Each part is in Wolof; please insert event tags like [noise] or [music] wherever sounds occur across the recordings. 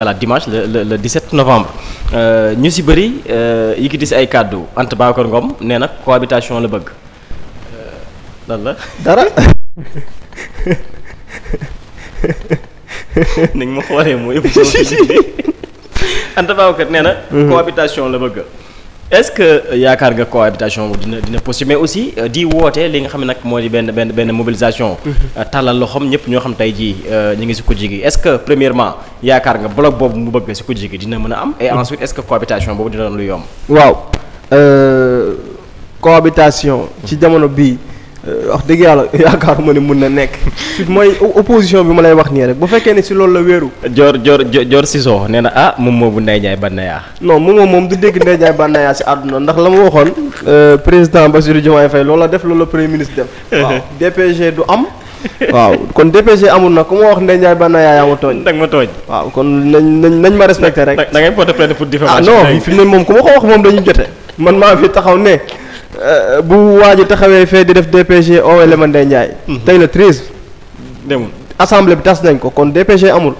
voilà dimanche le le le 17 novembre euh, ñu si bëri euh, yëkkati si ay kàddu Anta Babacar Ngom nee na cohabitation la bëgg euh, lan dara [laughs] nañ ma xoolee mooy [laughs] Anta Babacar nee na mhm. cohabitation la bëgg est-ce que euh, yaakaar nga cohabitation dina dina possible aussi euh, di woote li nga xam ne nag moo benn benn benn mobilisation. Mm-hmm. Euh, tàllal loxoom ñëpp ñoo xam tey jii ñu ngi si kujje gi est-ce que premièrement yaakaar nga bloc boobu mu bëgg si kujje gi dina mën a am. et mm-hmm. ensuite est-ce que cohabitation boobu dina doon lu yomb. waaw cohabitation. ci jamono bii. Euh, wax dëgg yàlla [laughs] yaakaaruma ne mun na nekk mooy opposition bi ma lay wax nii rek bu fekkee ne si loolu la wéeru. Dior Dior Dior Cissokho nee na ah moom moomu Ndeye Ndiaye Banaya. non moom moom du dégg Ndeye Ndiaye Banaya si àdduna ndax la ma waxoon euh, président Bassirou Diomaye Faye loolu la def loolu la premier ministre def. [laughs] du am. [laughs] waaw kon DPG amul na ku ma wax Ndeye Ndiaye yaa ma tooñ. da nga ma tooñ. waaw kon nañ nañ nañ ma respecté rek. da ah, fi ne. Euh, bu waaj a taxawee fee di def DPG Owe Lemande Ndiaye. Mhm. tey la treize. assemblée bi tas nañ ko kon DPG amul.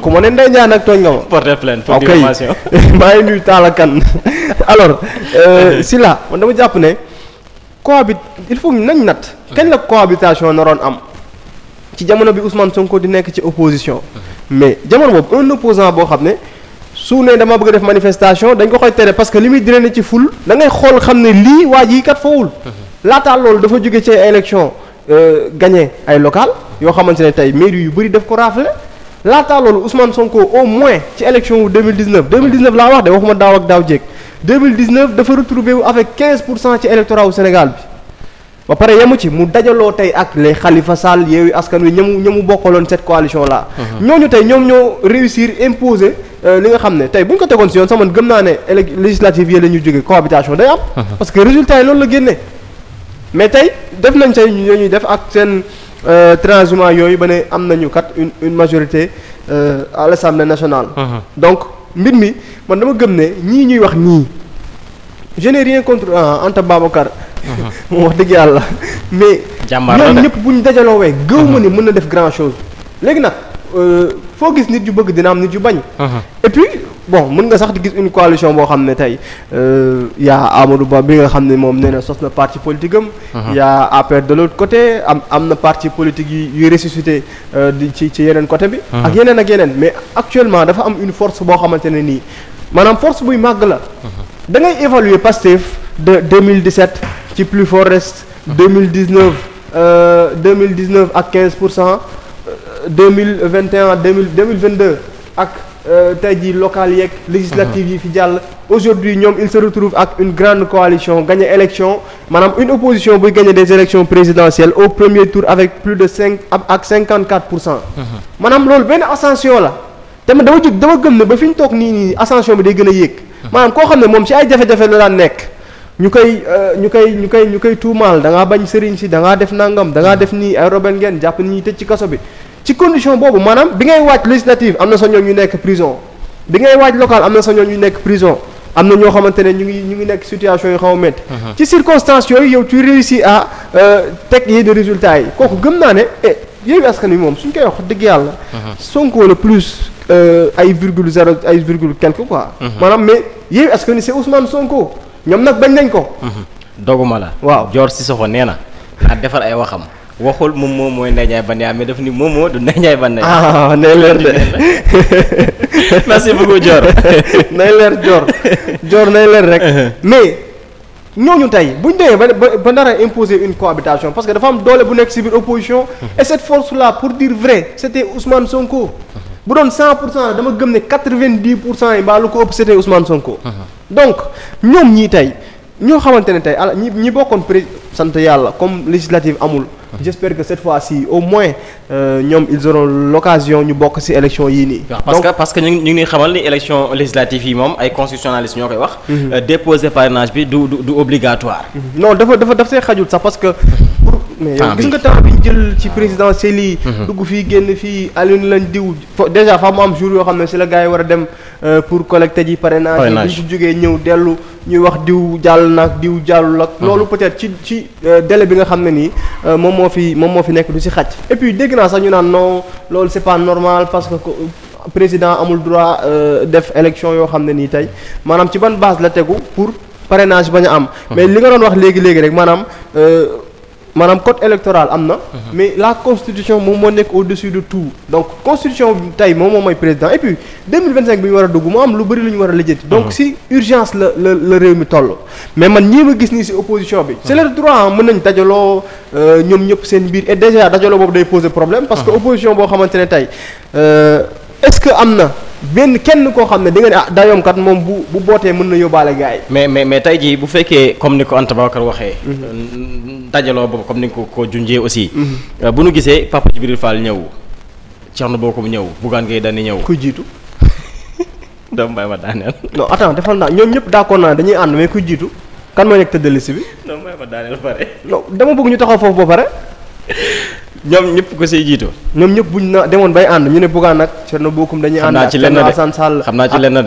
ku ma ne Ndeye Ndiaye nag tooñ nga ma. porter plainte pour diffamation [laughs] maa ngi nuyu Talla [laughs] alors euh, Sylla [laughs] man dama jàpp ne cohabit il faut nañ nat kañ la cohabitation naroon am. ci jamono bi Ousmane Sonko di nekk ci opposition. mais jamono boobu un opposant boo xam ne. su ne dama bëgg a def manifestation dañ ko koy tere parce que li muy drainer ci ful da ngay xool xam ne lii waa ji kat fawul laataa loolu dafa jóge ci élection euh, gagné ay local yoo xamante ne tey mairie yu bari def ko raafale laataa loolu Ousmane Sonko au moins ci élection wu 2019 2019 laa wax de waxuma daaw ak daaw jéeg 2019 dafa retrouvé wu avec pour cent ci électorat Sénégal bi ba pare yemu ci mu dajaloo tey ak les Khalifa Sall Yewwi Askan Wi ñamu ñamu bokkaloon cette coalition là. Mhm. ñooñu tey ñoom ñoo réussir imposer euh, li nga xam ne tey bu ñu ko tegoon si yoon sama gëm naa ne élec législative yi la ñuy jógee cohabitation day am. Mhm. parce que résultat yi loolu la génnee. mais tey def nañ tey ñuy def ak seen euh, transhumant yooyu ba ne am nañu kat une une majorité euh, à l'Assemblée nationale. Mhm. donc mbir mi man dama gëm ne ñii ñuy wax nii. je n'ai rien contre Anta moom wax dëgg yàlla mais. jàmbaar la ñëpp bu ñu dajaloo wee gëw ma ni mhm. mën na def grand chose léegi nag euh, foo gis nit yu bëgg dina am nit yu bañ. Mhm. et puis bon mën nga sax di gis une coalition boo xam ne tey euh, yaa Amadou Ba bi nga xam ne moom nee na sos na parti politique am. Mhm. yaa APR de l' coté côté am am na parti politique yi yuy ressuscité euh, di ci ci yeneen côté bi. ak yeneen ak yeneen mais actuellement dafa am une force boo xamante ne nii maanaam force buy màgg la. da ngay ci plus fort reste deux mille dix neuf euh, deux mille dix neuf ak quinze pour cent euh, deux mille vingt et un deux mille deux mille vingt deux ak euh, tey jii local yeeg législative yi fi jàll aujourd'hui ñoom il se retrouve ak une grande coalition gagné élection maanaam une opposition buy gagné des élections présidentielles au premier tour avec plus de cinq ak cinquante quatre pour cent mhm. maanaam loolu benn ascension la te man dama jóg dama gëm ne ba fi ñu toog nii nii ascension bi day gën a yéeg mhm. maanaam koo xam ne moom ci ay jafe-jafe la nekk ñu koy euh, ñu koy ñu koy ñu koy tuumaal da ngaa bañ sëriñ si da ngaa def nangam da ngaa def nii ay robel ngeen jàpp ni ñuy ci kaso bi ci condition boobu maanaam bi ngay waaj législative am na sa ñoom ñu nekk prison bi ngay waaj local am na sa ñoom ñu nekk prison am na ñoo xamante ne ñu ngi ñu ngi nekk situation yu xaw a métti uh-huh. ci circonstances yooyu yow tu réussis à euh, teg yi de résultat yi kooku gëm naa ne eh yooyu askan wi moom suñ koy wax dëgg yàlla uh-huh. Sonko le plus euh, ay virgule zéro ay virgule quelque quoi uh-huh. maanaam mais yooyu askan wi c'est Ousmane Sonko ñoom nag bañ nañ ko. Mhm. doguma la. waaw Dior Cissokho nee na naa defar ay waxam. waxul moom moom mooy Ndeye Ndiaye Banaya mais daf ni moom moo du Ndeye Ndiaye Banaya. ah nay leer de [laughs] merci beaucoup Dior. [laughs] nay leer Dior Dior nay leer rek. Mhm. mais ñooñu tey bu ñu demee ba ba nar a imposer une cohabitation parce que dafa am doole bu nekk si biir opposition. Mhm. et cette force là pour dire vrai c'était Ousmane Sonko. bu doon 100 pour cent dama ne 90 pour cent yi mbaa lu ko ëpp c'était Ousmane Sonko. donc ñoom ñii tey ñoo xamante ne tey ala ñi ñi bokkoon pré sant yàlla comme législative amul. j'espère que cette fois-ci au moins euh, ñoom ils auront l'occasion ñu bokk ci élection yii nii. parce que parce que ñu ngi ñu ngi xamal ni élection législative yi moom ay constitutionnalistes ñoo koy wax. Mhm. Euh, déposer parrainage bi du du obligatoire. Mhm. non dafa dafa daf see xajul sax parce que. [laughs] mais yow gis nga temps bi ñu jël ci président yi. Mhm. dugg fii génn fii Alioune lañ diw fo dèjà fa mu am jour yoo xam ne si la gars yi war a dem euh, pour collecter ji parrainage. parrainage yi bu ñu jógee ñëw dellu ñuy wax diw jàll nag diw jàllul ak. Mhm. loolu peut-être ci ci euh, délai bi nga xam ne nii euh, moom moo fi moom moo fi nekk du si xaj. et puis dégg naa sax ñu naan non loolu c'est normal parce que. président amul droit def élection yoo xam ne nii tey maanaam ci ban base la tegu pour parrainage a am mhm. li nga wax léegi-léegi rek maanaam maanaam code électoral am na. Mhm. mais la constitution moom moo nekk au-dessus de tout. donc constitution tey moom moo mooy président et puis 2025 bi ñu war a dugg mu am lu bëri lu ñu war a lijjanti. donc mhm. si urgence la la la réew mi toll. mais man ñii ma gis nii si opposition bi. c'est leur mhm. droit mën nañ dajaloo euh, ñoom ñëpp seen biir et déjà dajaloo boobu day poser problème. parce que opposition boo xamante ne tey euh, est-ce que am na. benn kenn koo xam ne da nga ne ah dayoom kat moom bu bu bootee mën na yóbbaale gars yi. mais mais mais tey jii bu fekkee comme ni ko Anta Babacar waxee. Mhm. Euh, dajaloo boobu comme ni ko ko junjee aussi. Mhm. Euh, bu nu gisee Papa Djibril Fall ñëw Thierno Bocoum ñëw Bougane Gueye Dany ñëw. kuy jiitu. [laughs] doomu mbay ma daaneel. [laughs] non attends defal naa ñoom ñëpp d'accord naa dañuy ànd mais kuy jiitu kan mooy nekk tëdd liste bi. doomu mbay ma daaneel pare. non dama bëgg ñu taxaw foofu ba pare. [laughs] ñoom ñëpp ko say jiitu. ñoom ñëpp buñ na demoon bay ànd ñu ne Bougane nag Thierno Bocoum dañuy ànd ak Thierno Alassane Sall xam naa ci lenn de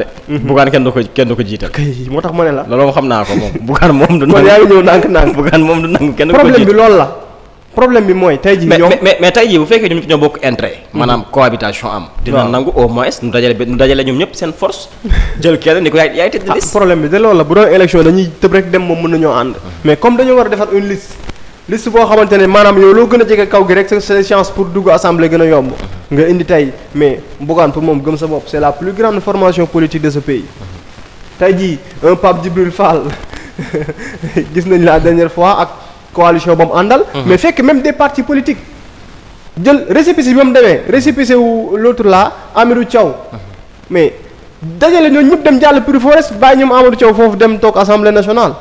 dajale ñoom ñëpp seen force [laughs] jël kenn ni ko yaay yaay tëdd ah, liste problème bi de loolu la bu doon élection dañuy tëb rek dem moom mën nañoo ànd mhm. mais comme dañoo war a defar une liste boo xamante ne maanaam yow loo gën a jege kaw gi rek sa chance pour dugg assemblée gën a yomb nga indi tey mais Bougane pour moom gëm sa bopp c'est la plus grande formation politique de ce pays tey jii un Pape Djibril Fall [laughs] gis nañ la dernière fois ak coalition ba mu àndal mhm. mais fekk même des partis politique jël récépissé bi ba demee récépissé wu l'autre là Amirou Thiaw mhm. mais dajale ñooñu ñëpp dem jàll Pire Forest bàyyi ñoom Amadou Thiaw foofu dem toog assemblée nationale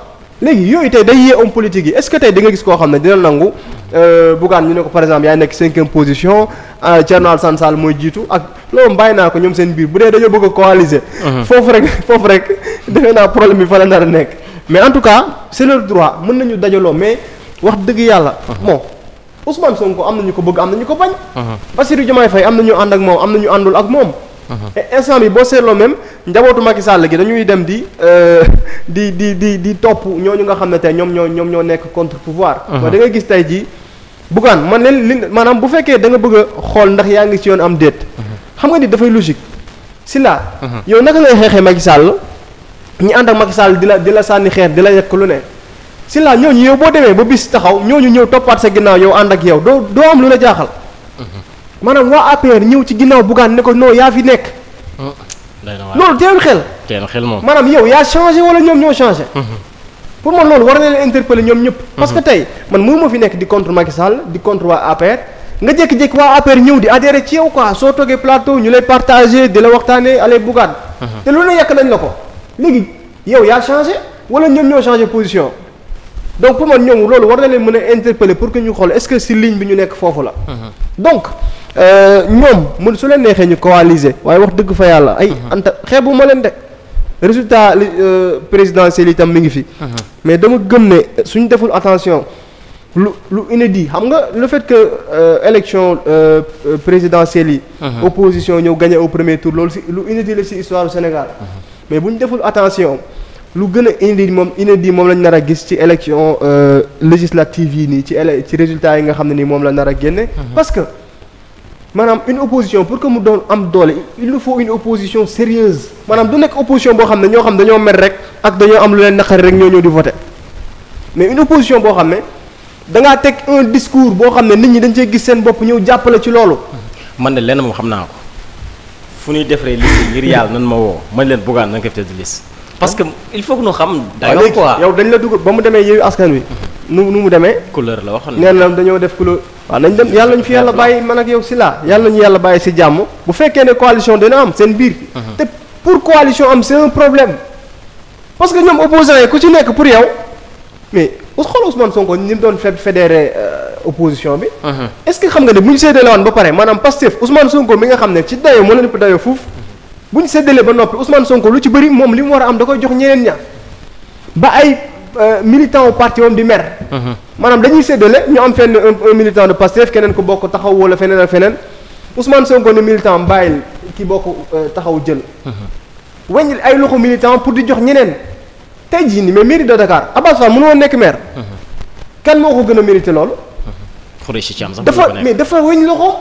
léegi yooyu tey day yee homme politique yi est-ce que tey di gis koo xam ne dina nangu euh, Bougane ñu ne ko par exemple yaay nekk cinquième position euh, Thierno Alassane Sall mooy jiitu ak loolu bàyyi naa ko ñoom seen biir bu dee dañoo bëgg a coaliser. Mhm. foofu rek foofu rek defe naa problème bi fa la nar a nekk mais en tout cas c'est leur droit mën nañu dajaloo mais wax dëgg yàlla. Mhm. bon Ousmane Sonko am na ñu ko bëgg am na ñu ko bañ. Mhm. Bassirou Diomaye Faye am na ñu ànd ak moom am na moom. Uh-huh. et instant bi boo seetloo même njabootu Macky Sall gi dañuy dem di euh, di di di di topp ñooñu nga xam ne tey ñoom ñoo ñoom ñoo nekk contre pouvoir. Uh-huh. mooy da ngay gis tey jii Bougane man leen li maanaam bu fekkee da nga bëgg a xool ndax yaa ngi ci yoon am déet. Uh-huh. xam nga ni dafay logique. si la yow naka ngay xeexee Macky Sall ànd ak Macky Sall di di la sànni xeer di la yekk lu ne. si la ñooñu yow boo demee ba bis taxaw ñooñu ñëw toppaat sa ginnaaw yow ànd ak yow doo doo am lu la jaaxal. maanaam waa APR ñëw ci ginnaaw Bougane ne ko non yaa fi nekk. Oh, loolu teewul xel. teewul xel moom maanaam yow yaa changé wala ñoom ñoo changé. Mhm. pour man loolu war na leen interpeller ñoom ñëpp. parce que mhm. tey man mënuma fi nekk di contre Macky Sall di contre waa APR. nga jékki-jékki waa APR ñëw di ci yow quoi soo toogee plateau ñu lay partagé di la waxtaanee allez Bougane. Mhm. te loolu la ko léegi yow yaa changé wala ñoom ñoo changé position donc pour man ñoom loolu war na leen mën a interpeller pour que ñu xool est-ce que si ligne bi ñu nekk foofu la. donc Euh, ñoom mun su leen neexee ñu coaliser waaye wax dëgg fa yàlla ay mhm. anta xeebu ma leen de résultat euh, présidentiel itam mi ngi fi mhm. mais dama gëm ne suñ deful attention lu lu inédit xam nga le fait que euh, élection présidentielle yi mhm. opposition ñëw gagné au premier loolu si lu inédit la si histoire Sénégal mais bu ñu deful attention lu gën a inédit moom inédit moom lañ nar a gis ci élection législative yi nii ci ci résultat yi nga xam ne nii moom la nar a génne parce maanaam une opposition pour que mu doon am doole il nous faut une opposition sérieuse maanaam du nekk opposition boo xam ne ñoo xam dañoo mer rek ak dañoo am lu leen naqari rek ñoo ñëw di voter mais une opposition boo xam ne da ngaa teg un discours boo xam ne nit ñi dañ cee gis seen bopp ñëw jàppale ci loolu. man de lenn moom xam naa ko fu ñuy defaree liste ngir yàlla nan ma woo man leen buggaan na nga def di liste. parce que il faut que ñu xam. dayoo quoi yow dañ la dugg ba mu demee yow askan wi. nu nu mu demee. couleur la waxoon nee na dañoo def couleur. waaw nañ dem yàlla ñu fi yàlla bàyyi man ak yow si laa yàlla ñu yàlla bàyyi si jàmm bu fekkee ne coalition dina am seen biir mhm. te pour coalition am c'est problème parce que ñoom opposants yi ku ci nekk pour yow mais xool Ousmane Sonko ñi doon feb fédéré euh, opposition bi mhm. est-ce que xam nga ne bu ñu ba pare maanaam Pastef Ousmane Sonko mi nga xam ne ci dayoo moo leen ëpp dayoo fuuf bu ñu ba noppi Ousmane Sonko lu ci bëri moom li mu war a am da koy jox ñeneen ay Euh, militant wu parti woon di mer. Mhm. maanaam dañuy séddale ñu am fenn un militant de Pastef keneen ku bokk taxaw wala feneen ak feneen Ousmane Sonko ne militant bàyyil ki bokk euh, taxaw jël. Mhm. weñ ay loxo militant pour di jox ñeneen tey jii nii mais mairie de Dakar Abass Fall mënu woon nekk maire. Mhm. kan moo ko gën a mérité loolu. dafa mais dafa weñ loxo.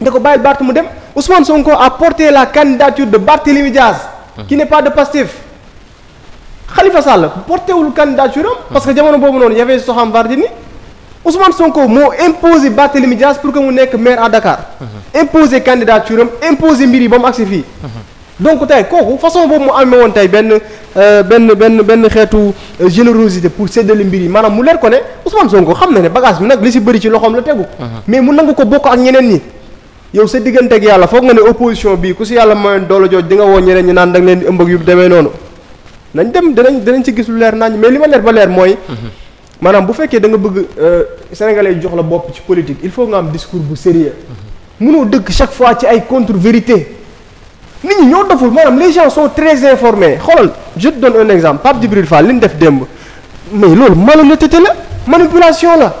da ko bàyyil Barth mu dem Ousmane Sonko a porté la candidature de Barthélémy Diaz. qui n'est pas de Pastef. xalifa Sall porté wul candidature am parce que jamono boobu noonu y avait Soham Wardini Ousmane Sonko moo imposé Barthélémy Dias pour que mu nekk maire à Dakar. imposé candidature am imposé mbir yi ba mu agsi fii. donc tey kooku façon boobu mu amee woon tey benn euh, benn benn benn xeetu euh, générosité pour séddale mbir yi maanaam mu leer ko ne Ousmane Sonko xam na ne bagage bi nag li si bëri ci loxoom la tegu. mais mu nangu ko bokk ak ñeneen ñi. yow sa digganteeg naan da leen di ëmb yu nañ dem danañ danañ ci gis lu leer nañ mais li ma leer ba leer mooy. Mhm. maanaam bu fekkee da nga bëgg euh, sénégalais yi jox la bopp ci politique il faut nga am discours bu sérieux mënoo mhm. dëkk chaque fois ci ay contre vérité nit ñi ñoo doful maanaam les gens sont très informés xoolal je te donne un exemple Pape Djibril Fall li ñu def démb mais loolu malhonnêteté la manipulation la.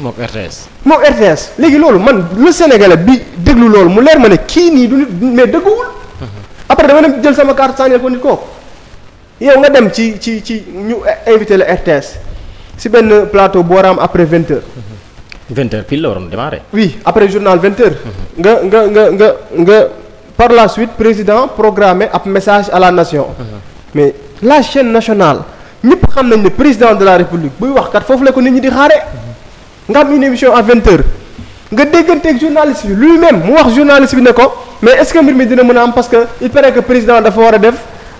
moom RTS. moom RTS léegi loolu man le sénégalais bi déglu loolu mu leer ma ne kii nii du mais dëgguwul. Mhm. après dama dem jël sama carte sànniyal ko nit kooku. yow nga dem ci ci ci ñu invité la RTS si benn plateau bu war am après vingt heures. vingt heures pile la waroon démarrer. oui après journal vingt heures. nga nga nga nga nga par la suite président programmé ab message à la nation. mais la chaîne nationale ñëpp xam nañ ne président de la république buy wax kat foofu la ko nit ñi di xaare nga am une émission à vingt heures. nga dégganteeg journaliste bi lui-même mu wax journaliste bi ne ko mais est-ce que mbir mi dina mën a dafa war a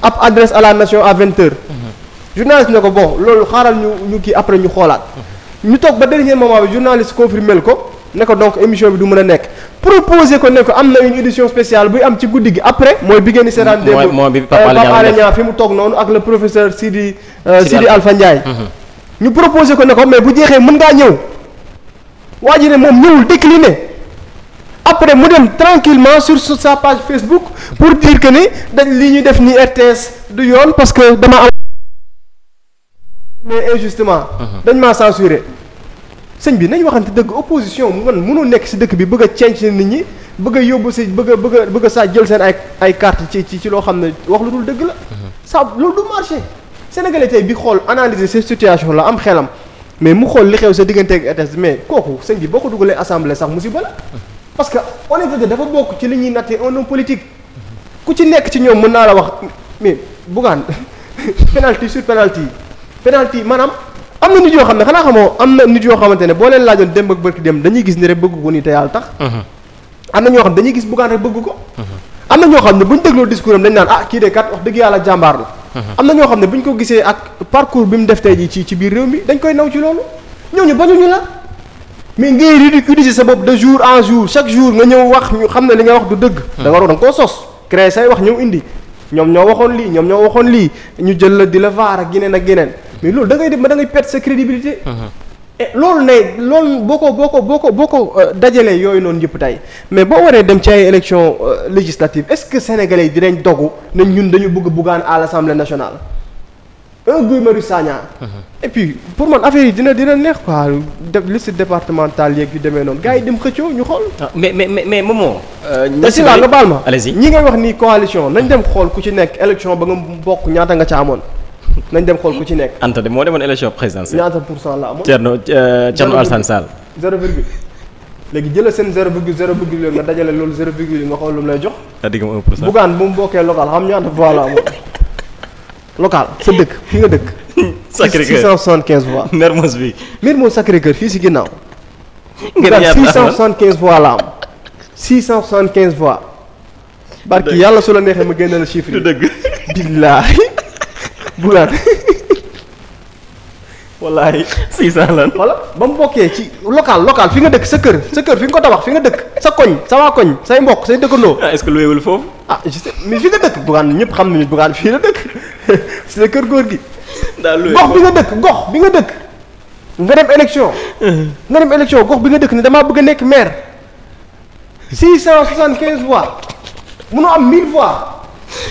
ab adresse à la nation à vingt heures ko bon loolu xaaral ñu ñu kii après ñu xoolaat ñu toog ba dernier moment bi journaliste confirmé ko ne ko donc émission bi du mën a nekk proposé ko ne ko am na une édition spéciale buy am ci guddi gi après mooy bi ngeen di seetaan démb eh, Pape Alé Niang fi mu toog noonu ak le professeur Sidi euh, Sidi Alpha Ndiaye mhm. ñu proposé ko ne ko mais bu jeexee mën ngaa ñëw waa ji ne moom ñëwul décliné après mu dem tranquillement sur sa page Facebook pour dire que ni dañ li ñuy def ni RTS du yoon parce que dama am mais injustement uh-huh. dañ maa censuré sëñ bi nañ waxante dëgg opposition man mënoo nekk si dëkk bi bëgg a cenc nit ñi bëgg a yóbbu si bëgg a bëgg saa jël seen ay ay carte ci ci ci loo xam ne wax lu dul dëgg la uh-huh. ça loolu du marché sénégalais bi xool analyser cette situation la am xelam mais mu xool li xew sa diggante ak RTS mais kooku sëñ bi boo ko dugalee assemblée sax musiba la uh-huh. parce que honnêteté dafa bokk ci li ñuy nattee un homme politique ku ci nekk ci ñoom mën naa la wax mais Bougane [laughs] penalty sur penalty penalty maanaam am na nit yoo xam ne xanaa xamoo am na nit yoo xamante ne boo leen laajoon démb ak bërki dem dañuy gis ni rek bëgg ko ni te yàlla tax. Mhm. am na ñoo xam dañuy gis Bougane rek bëgg ko. na ñoo xam ne bu ñu dégloo discours am dañ naan ah kii de kat wax dëgg yàlla jàmbaar la. Mhm. am na ñoo xam ne bu ñu ko gisee ak parcours bi mu def tey ci ci biir réew mi dañ koy naw ci loolu ñooñu bañuñu la. mais ngay ridiculiser sa bopp de jour en jour chaque jour nga ñëw wax ñu xam na li nga wax du dëgg. Hmm. da nga war da koo sos créer say wax ñëw indi ñoom ñoo waxoon lii ñoom ñoo waxoon lii ñu jël la di la vaar ak yeneen ak yeneen mais loolu da ngay dem ba da ngay perdre sa crédibilité. Hmm. et loolu ne loolu boo ko boo ko boo ko boo ko euh, dajalee yooyu noonu yëpp tey mais boo waree dem ci ay élections euh, législatives est-ce que sénégalais yi dinañ dogu ne ñun dañu bëgg Bougane à l'Assemblée nationale. un Guy Marius Sagna uh-huh. et pour man affaire yi dina dina neex quoi def liste départementale yeeg yu demee noonu gars dem xëccoo ñu xool. Ah, mais mais mais Momo. Euh, si la nga baal ma ñi ngay nañ dem xool ku ci nekk élection ba nga bokk ñaata nga ca amoon [laughs] nañ dem xool ku ci nekk. Anta de moo demoon élection présidentielle. ñaata pour cent la amoon. Thierno euh, Thierno Alassane Sall. zéro virgule léegi jëlal seen zéro virgule nga dajale loolu zéro virgule nga xool lay jox. daa digg un pour cent Bougane bu mu bokkee local local sa dëkk fi nga dëkk. [laughs] Sacré-Cœur 675 voix. Mermoz bi. Mermoz Sacré-Cœur fii si ginnaaw. ngeen ñaata 675 voix la am 675 voix. barki yàlla su la neexee ma génne la chiffre yi. du [laughs] dëgg billaahi bulaat walaay 600 lan. voilà ba mu bokkee ci local local fi nga dëkk sa kër sa kër fi nga ko tabax fi nga dëkk sa koñ sa waa koñ say mbokk say dëkkandoo. ah est-ce ah, ñëpp xam nañu dëkk. [laughs] si la kër góor gi. daal gox bi nga dëkk gox bi nga dëkk. nga dem élection. [laughs] nga dem élection gox bi nga dëkk ni damaa bëgg a nekk maire. six cent soixante quinze voix. munoo am mille voix.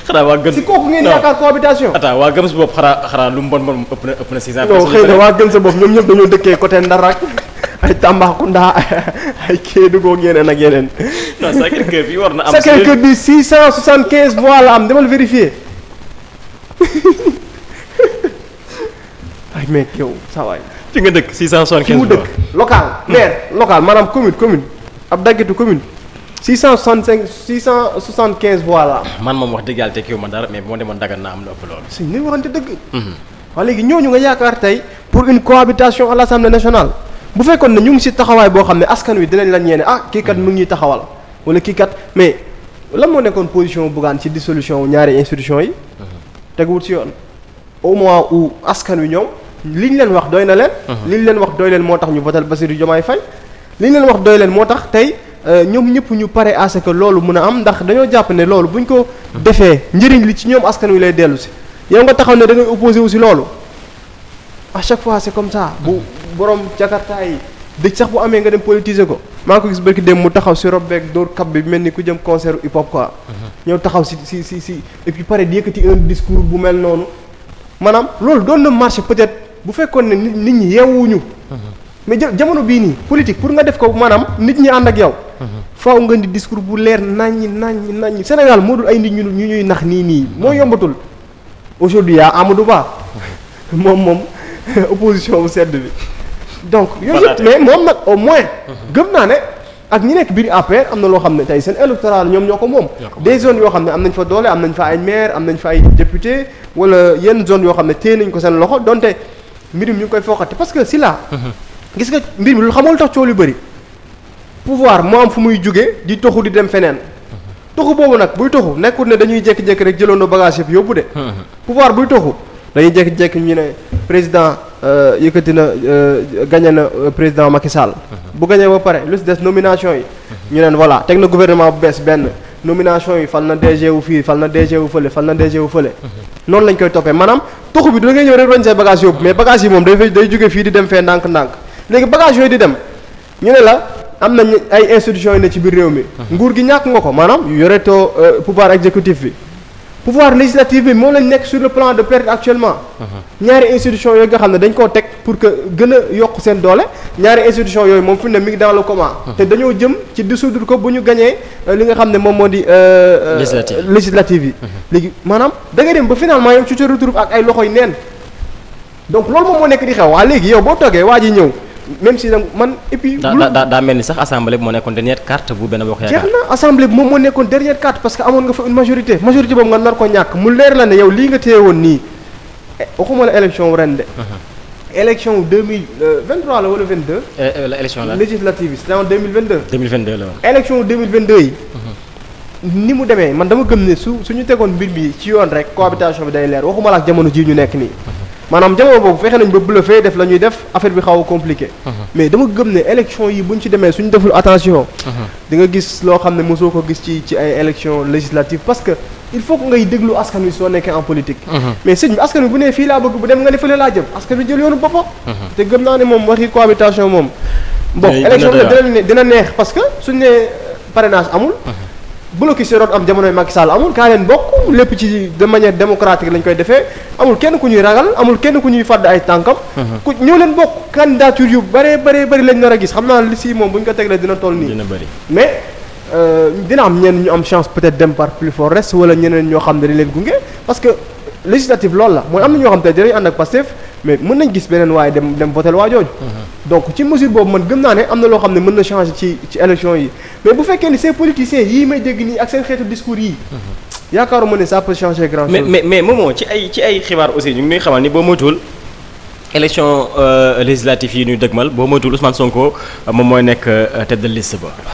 xanaa waa gëm si kooku ngeen yaakaar cohabitation. attends waa gëm sa bopp xanaa xanaa lu mu bon bon ëpp na ëpp na six cent. non xëy na waa gëm sa bopp ñoom ñëpp dañoo dëkkee côté Ndar yeneen ak yeneen. bi war na am. Sacré-Cœur bi six cent soixante quinze voix la am demal vérifier. [laughs] ay mais yow saa waay. ci nga dëkk 675. fi mu dëkk local. maire local maanaam commune commune ab daggitu commune. 665 675 voix la man moom wax dëgg yàlla tekkiwu ma dara mais moo demoon daggan naa am lu ëpp loolu. si ni warante dëgg. Mhm. waaw léegi ñooñu nga yaakaar tey pour une cohabitation à l'Assemblée national bu fekkoon ne ñu ngi si taxawaay boo xam ne askan wi dinañ la ñeene ah kii kat mu ñuy taxawal wala kii kat mais lan moo nekkoon position Bougane ci dissolution ñaari institution yi. Mhm. teguwul si yoon au moment où askan wi ñoom liñ leen wax doy na leen. Uh-huh. ñu leen wax doy leen moo tax ñu votal Bassirou Diomaye Faye liñ leen wax doy leen moo tax tey euh, ñoom ñëpp ñu pare à ce que loolu mën a am ndax dañoo jàpp ne loolu buñ ko uh-huh. defee njëriñ li ci ñoom askan wi lay dellu si yow nga taxaw ne da ngay opposé wu si loolu a chaque fois c'est comme ça bu uh-huh. borom jakarta yi dëj sax bu amee nga dem politiser ko. maa ko gis barki dem mu taxaw si rob beeg dóor kab bi mel ni ku jëm concert hip hop quoi. Mhm. ñëw taxaw si si si si et puis pare di yëkkati un discours bu mel noonu maanaam loolu doon na marché peut-être bu fekkoon ne nit nit ñi yeewuñu. Mhm. mais jamono bii nii politique pour nga def ko maanaam nit ñi ànd ak yow. Mhm. faaw nga di discours bu leer naññi naññi naññi Sénégal moo dul ay nit ñu ñu ñuy nax nii nii moo yombatul. aujourd'hui yaa Amadou Ba [laughs] moom moom [laughs] opposition bu sedd bi. donc yooyu yëpp mais moom nag au moins gëm naa ne ak ñi nekk biir APR am na loo xam ne tey seen électoral ñoom ñoo ko moom des zones yoo xam ne am nañ fa doole am nañ fa ay maire am nañ fa ay député wala yenn zone yoo xam ne téye nañ ko seen loxo donte mbirum ñu ngi koy foqate parce que si la mhm. gis nga mbir mi lu xamul tax coow lu bëri pouvoir moo am fu muy jógee di toxu di dem feneen mhm. toxu boobu nag buy toxu nekkul ne dañuy jékki-jékki rek jëloon bagage yëpp yóbbu de mhm. pouvoir buy toxu dañuy jékki-jékki ñu ne président Euh, yëkkati na euh, gagné na euh, président Macky Sall. bu gagné ba pare lu des nomination yi. ñu neen voilà teg na gouvernement bu bees benn nomination yi fal na DG wu fii fal na DG wu fële fal na DG wu fële. noonu lañ koy toppee maanaam toxu bi da ngay ñëw rek roñ say bagage yóbbu mais bagage yi moom day day jóge fii di dem fee ndànk-ndànk léegi bagage yooyu di dem ñu ne la. am nañ ay institutions yi ne ci biir réew mi. nguur gi ñàkk nga ko maanaam yoretoo pouvoir exécutif bi. pouvoir législatif bi moom lañ nekk sur le plan de perte actuellement. Uh-huh. ñaari institution yooyu nga xam ne dañ koo teg pour que gën a yokk seen doole ñaari institution yooyu moom fi mu ne mi ngi dans le coma. Uh-huh. te dañoo jëm ci dissoudre ko bu ñu gañee euh, li nga xam ne moom moo di. Euh, euh, législative législative yi. Uh-huh. léegi maanaam da nga dem ba finalement yow tu te retrouves ak ay loxo loxoy neen donc loolu moom moo nekk di xew waa léegi yow boo toogee waa ji ñëw. même si nag man et puis. daa daa mel ni sax assemblée bi moo nekkoon dernière carte bu benn wax. yaakaar jeex na bi moom moo nekkoon dernière carte parce que amoon nga fa une majorité majorité boobu nga nar ko ñàkk mu leer la ne yow lii nga téye woon nii eh, waxuma la élection ren de. Uh-huh. élection wu deux euh, vingt trois la wala vingt deux. Eh, eh, élection la législative bi c'était en uh-huh. ni mu demee man dama gëm ne su suñu tegoon mbir bi ci yoon rek cohabitation bi day leer waxuma la ak jamono jii ñu nekk nii. maanaam jamono boobu fexe nañ ba bluffé def la ñuy def affaire bi xaw a compliqué uh-huh. mais dama gëm ne élection yi buñ ci demee suñ deful attention uh-huh. di gis loo xam ne mosoo ko gis ci ci ay élection législative parce que il faut que ngay déglu askan wi soo nekkee en politique uh-huh. mais sëñ bi askan wi bu nee fii laa bëgg bu dem nga ne fële laa jëm askan wi jël yoonu boppam te gëm naa ne moom waxi cohabitation moom bon élection dina neex parce que suñ ne euh, parrainage amul blocus yi am jamonoy mag Sall amul kaa leen bokk lépp ci de manière démocratique koy defee amul kenn ku ñuy ragal amul kenn ku ñuy fàdd ay tànkam. Mhm. ku ñëw leen bokk candidature yu bëree bëree bëri lañ nar a gis xam naa li si moom bu ñu ko tegalee dina toll nii. dina bëri mais euh, dina am ñenn ñu am chance peut-être dem par plus fort reste wala ñeneen ñoo xam ne leen gunge parce législative lool la mooy am na ñoo xam te dinañ ànd ak Pastef mais mën nañ gis beneen waaye dem dem votel waa jooju mhm. donc ci mesure boobu man gëm naa ne am na loo xam ne mën na changer ci ci élection yi mais bu fekkee ni ces politiciens yii may dégg nii ak seen xeetu discours yii mhm. yaakaaruma ne ça peut changer grand chose mais mais moomoo ci ay ci ay xibaar aussi ñu ngi xamal ni boo moytuwul élection euh, législative yi ñuy dëgmal boo moytuwul Ousmane Sonko moom mooy nekk euh, tête de liste